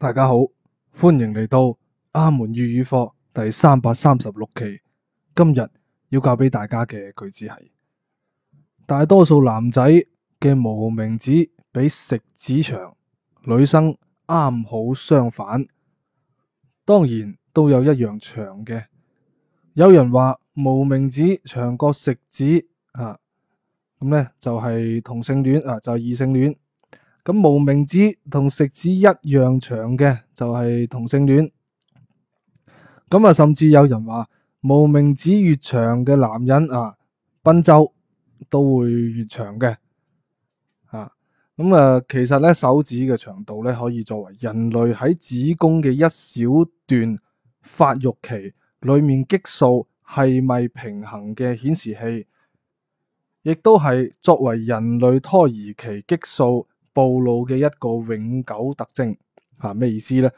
大家好，歡迎嚟到阿門粵語課第三百三十六期。今日要教俾大家嘅句子係：大多數男仔嘅無名指比食指長，女生啱好相反。當然都有一樣長嘅。有人話無名指長過食指啊，咁、嗯、咧就係、是、同性戀啊，就係、是、異性戀。咁無名指同食指一樣長嘅就係、是、同性戀，咁啊甚至有人話無名指越長嘅男人啊，賓周都會越長嘅，啊咁啊其實咧手指嘅長度咧可以作為人類喺子宮嘅一小段發育期裏面激素係咪平衡嘅顯示器，亦都係作為人類胎兒期激素。暴露嘅一個永久特徵啊，咩意思呢？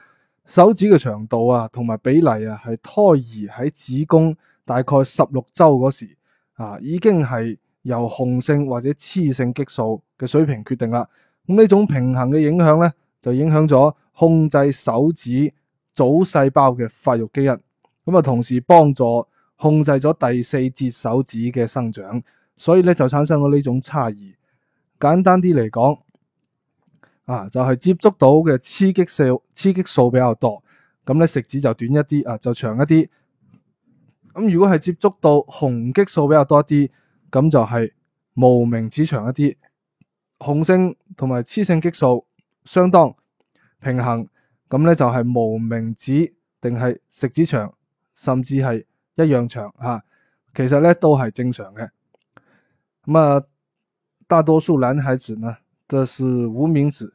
手指嘅長度啊，同埋比例啊，係胎兒喺子宮大概十六週嗰時啊，已經係由雄性或者雌性激素嘅水平決定啦。咁啊，呢種平衡嘅影響呢，就影響咗控制手指組細胞嘅發育基因，咁啊，同時幫助控制咗第四節手指嘅生長，所以咧就產生咗呢種差異。簡單啲嚟講。啊，就係、是、接觸到嘅雌激素，雌激素比較多，咁咧食指就短一啲啊，就長一啲。咁、啊、如果係接觸到雄激素比較多啲，咁就係無名指長一啲，雄性同埋雌性激素相當平衡，咁咧就係無名指定係食指長，甚至係一樣長嚇、啊。其實咧都係正常嘅。咁啊，大多數男孩子呢，都、就是無名指。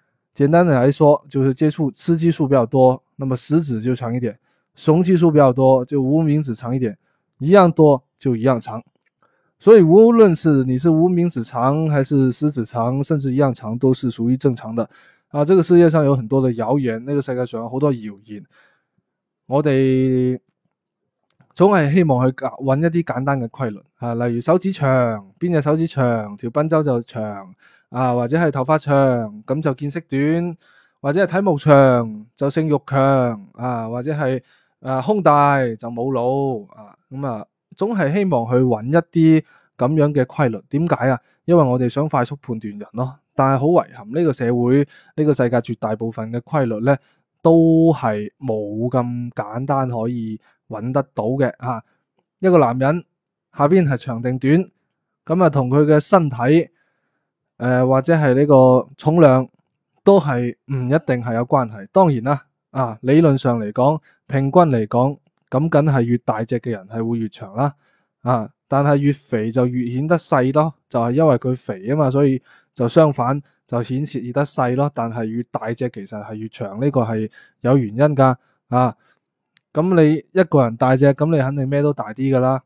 簡單的來說，就是接觸雌激素比較多，那麼食指就長一點；雄激素比較多就無名指長一點。一樣多就一樣長。所以無論是你是無名指長還是食指長，甚至一樣長，都是屬於正常的。啊，這個世界上有很多的謠言，呢個世界上有好多謠言，我哋總係希望去揾一啲簡單嘅規律啊，例如手指長邊隻手指長條賓周就長。啊，或者係頭髮長，咁就見識短；或者係體毛長，就性欲強；啊，或者係誒胸大就冇腦；啊，咁啊，總係希望去揾一啲咁樣嘅規律。點解啊？因為我哋想快速判斷人咯。但係好遺憾，呢個社會呢、呢個世界絕大部分嘅規律咧，都係冇咁簡單可以揾得到嘅。吓、啊，一個男人下邊係長定短，咁啊同佢嘅身體。誒、呃，或者係呢個重量都係唔一定係有關係。當然啦，啊，理論上嚟講，平均嚟講，咁梗係越大隻嘅人係會越長啦，啊，但係越肥就越顯得細咯，就係、是、因為佢肥啊嘛，所以就相反就顯示得細咯。但係越大隻其實係越長呢，這個係有原因噶，啊，咁你一個人大隻，咁你肯定咩都大啲噶啦。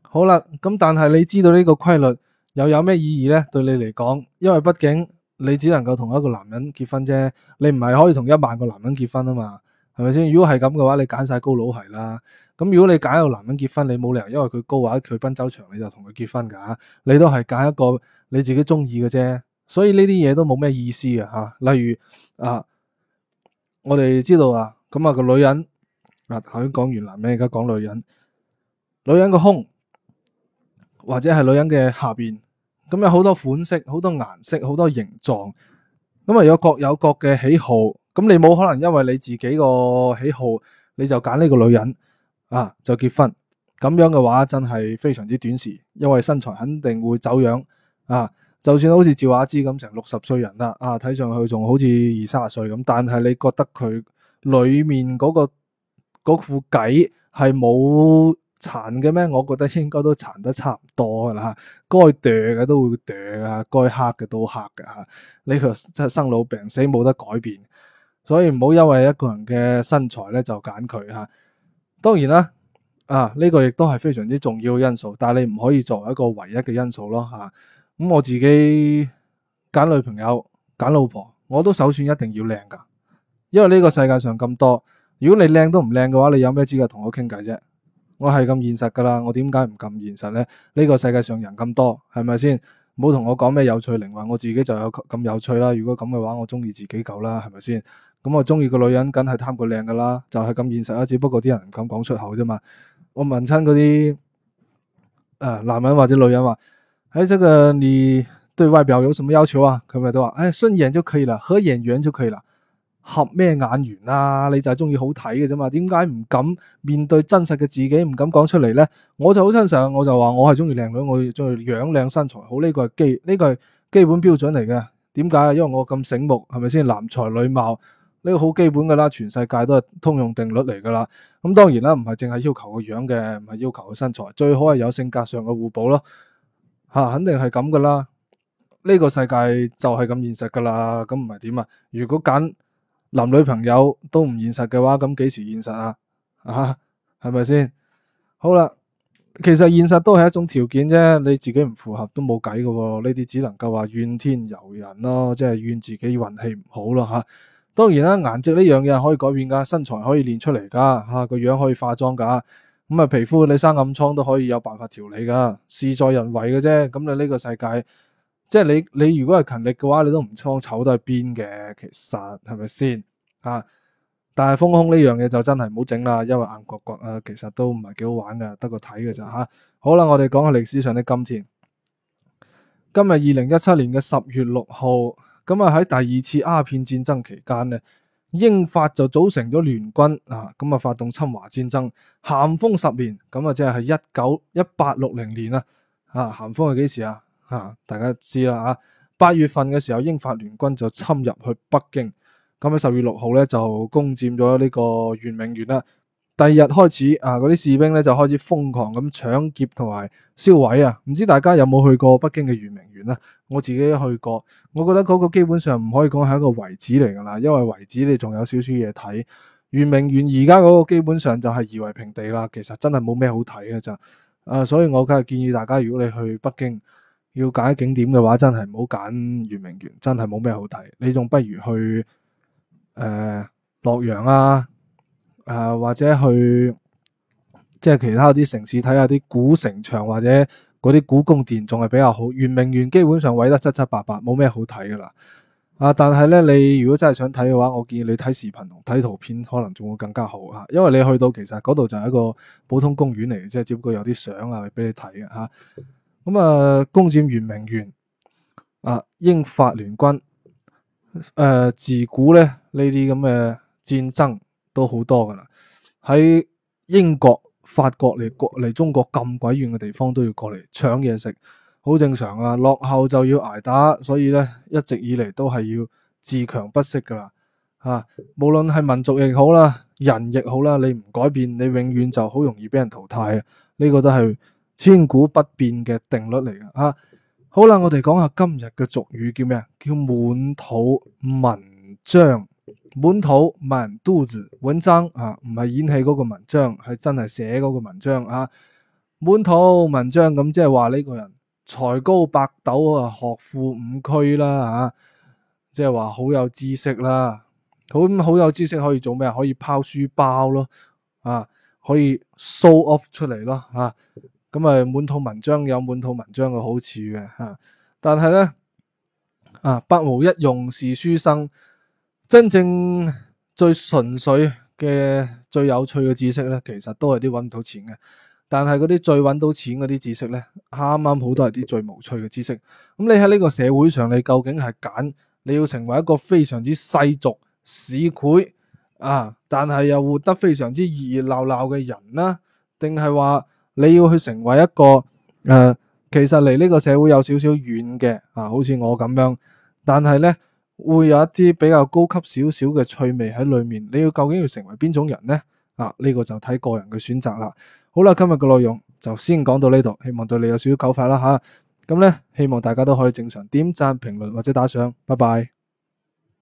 好啦，咁但係你知道呢個規律，又有咩意義呢？對你嚟講，因為畢竟你只能夠同一個男人結婚啫，你唔係可以同一萬個男人結婚啊嘛，係咪先？如果係咁嘅話，你揀晒高佬係啦。咁如果你揀一個男人結婚，你冇理由因為佢高或佢賓周長，你就同佢結婚噶、啊。你都係揀一個你自己中意嘅啫。所以呢啲嘢都冇咩意思嘅吓、啊。例如啊，我哋知道啊，咁、那、啊個女人啊，頭先講完男人，而家講女人，女人個胸或者係女人嘅下邊，咁、嗯、有好多款式，好多顏色，好多形狀，咁、嗯、啊有各有各嘅喜好。咁、嗯、你冇可能因為你自己個喜好，你就揀呢個女人啊就結婚。咁樣嘅話真係非常之短時，因為身材肯定會走樣啊。就算好似趙雅芝咁成六十歲人啦，啊睇上去仲好似二三十歲咁，但係你覺得佢裏面嗰、嗰個副計係冇殘嘅咩？我覺得應該都殘得差唔多噶啦吓，該掉嘅都會掉啊，該黑嘅都黑噶吓。你佢真係生老病死冇得改變，所以唔好因為一個人嘅身材咧就揀佢吓。當然啦，啊呢個亦都係非常之重要嘅因素，但係你唔可以作為一個唯一嘅因素咯吓。咁、啊、我自己揀女朋友、揀老婆，我都首選一定要靚噶，因為呢個世界上咁多，如果你靚都唔靚嘅話，你有咩資格同我傾偈啫？我係咁現實噶啦，我點解唔咁現實咧？呢個世界上人咁多，係咪先？唔好同我講咩有趣靈魂，我自己就有咁有趣啦。如果咁嘅話，我中意自己夠啦，係咪先？咁、嗯、我中意個女人，梗係貪個靚噶啦，就係、是、咁現實啦。只不過啲人唔敢講出口啫嘛。我問親嗰啲誒，男人或者女人話，誒、哎，這個你對外表有什麼要求啊？佢咪都話，誒、哎，順眼就可以了，合眼緣就可以了。合咩眼緣啊？你就係中意好睇嘅啫嘛？點解唔敢面對真實嘅自己，唔敢講出嚟咧？我就好真實，我就話我係中意靚女，我中意樣靚身材好，呢個係基呢個係基本標準嚟嘅。點解？因為我咁醒目，係咪先？男才女貌呢個好基本噶啦，全世界都係通用定律嚟噶啦。咁當然啦，唔係淨係要求個樣嘅，唔係要求個身材，最好係有性格上嘅互補咯。吓、啊，肯定係咁噶啦。呢個世界就係咁現實噶啦。咁唔係點啊？如果揀。男女朋友都唔現實嘅話，咁幾時現實啊？啊，係咪先？好啦，其實現實都係一種條件啫，你自己唔符合都冇計噶。呢啲只能夠話怨天尤人咯，即係怨自己運氣唔好咯吓。當然啦、啊，顏值呢樣嘢可以改變噶，身材可以練出嚟噶，吓、啊、個樣可以化妝噶，咁啊皮膚你生暗瘡都可以有辦法調理噶，事在人為嘅啫。咁你呢個世界。即係你你如果係勤力嘅話，你都唔倉醜都係邊嘅，其實係咪先啊？但係封空呢樣嘢就真係唔好整啦，因為硬角角啊，其實都唔係幾好玩嘅，得個睇嘅咋吓。好啦，我哋講下歷史上的今天。今日二零一七年嘅十月六號，咁啊喺第二次鴉片戰爭期間呢，英法就組成咗聯軍啊，咁啊發動侵華戰爭。咸豐十年，咁啊即係係一九一八六零年啊，啊咸豐係幾時啊？吓、啊，大家知啦吓。八月份嘅時候，英法聯軍就侵入去北京，咁喺十月六號咧就攻占咗呢個圓明園啦。第二日開始啊，嗰啲士兵咧就開始瘋狂咁搶劫同埋燒毀啊。唔知大家有冇去過北京嘅圓明園啊？我自己去過，我覺得嗰個基本上唔可以講係一個遺址嚟噶啦，因為遺址你仲有少少嘢睇。圓明園而家嗰個基本上就係夷為平地啦，其實真係冇咩好睇噶咋。誒、啊，所以我梗係建議大家，如果你去北京。要揀景點嘅話，真係唔好揀圓明園，真係冇咩好睇。你仲不如去誒、呃、洛陽啊，誒、呃、或者去即係其他啲城市睇下啲古城牆或者嗰啲古宮殿，仲係比較好。圓明園基本上毀得七七八八，冇咩好睇噶啦。啊，但係咧，你如果真係想睇嘅話，我建議你睇視頻同睇圖片，可能仲會更加好嚇。因為你去到其實嗰度就係一個普通公園嚟嘅，即係只不過有啲相啊俾你睇嘅嚇。咁啊，攻占圓明園啊，英法聯軍，誒、呃，自古咧呢啲咁嘅戰爭都好多噶啦。喺英國、法國嚟國嚟中國咁鬼遠嘅地方都要過嚟搶嘢食，好正常啊。落後就要捱打，所以咧一直以嚟都係要自強不息噶啦。吓、啊，無論係民族亦好啦，人亦好啦，你唔改變，你永遠就好容易俾人淘汰啊。呢、這個都係。千古不變嘅定律嚟嘅啊！好啦，我哋講下今日嘅俗語叫咩啊？叫滿肚文章，滿肚文都，子穩生啊！唔係演戲嗰個文章，係真係寫嗰個文章啊！滿肚文章咁即係話呢個人才高八斗啊，學富五車啦啊！即係話好有知識啦，好、啊、好有知識可以做咩啊？可以拋書包咯啊，可以 show off 出嚟咯啊！咁啊，滿肚文章有滿肚文章嘅好處嘅吓，但係咧啊，百無一用是書生。真正最純粹嘅、最有趣嘅知識咧，其實都係啲揾唔到錢嘅。但係嗰啲最揾到錢嗰啲知識咧，啱啱好多係啲最無趣嘅知識。咁、嗯、你喺呢個社會上，你究竟係揀你要成為一個非常之世俗市儈啊，但係又活得非常之熱熱鬧鬧嘅人啦，定係話？你要去成為一個，誒、呃，其實離呢個社會有少少遠嘅，啊，好似我咁樣，但係呢，會有一啲比較高級少少嘅趣味喺裡面。你要究竟要成為邊種人呢？啊，呢、呢個就睇個人嘅選擇啦。好啦，今日嘅內容就先講到呢度，希望對你有少少啟發啦吓，咁、啊嗯、呢，希望大家都可以正常點讚、評論或者打賞。拜拜。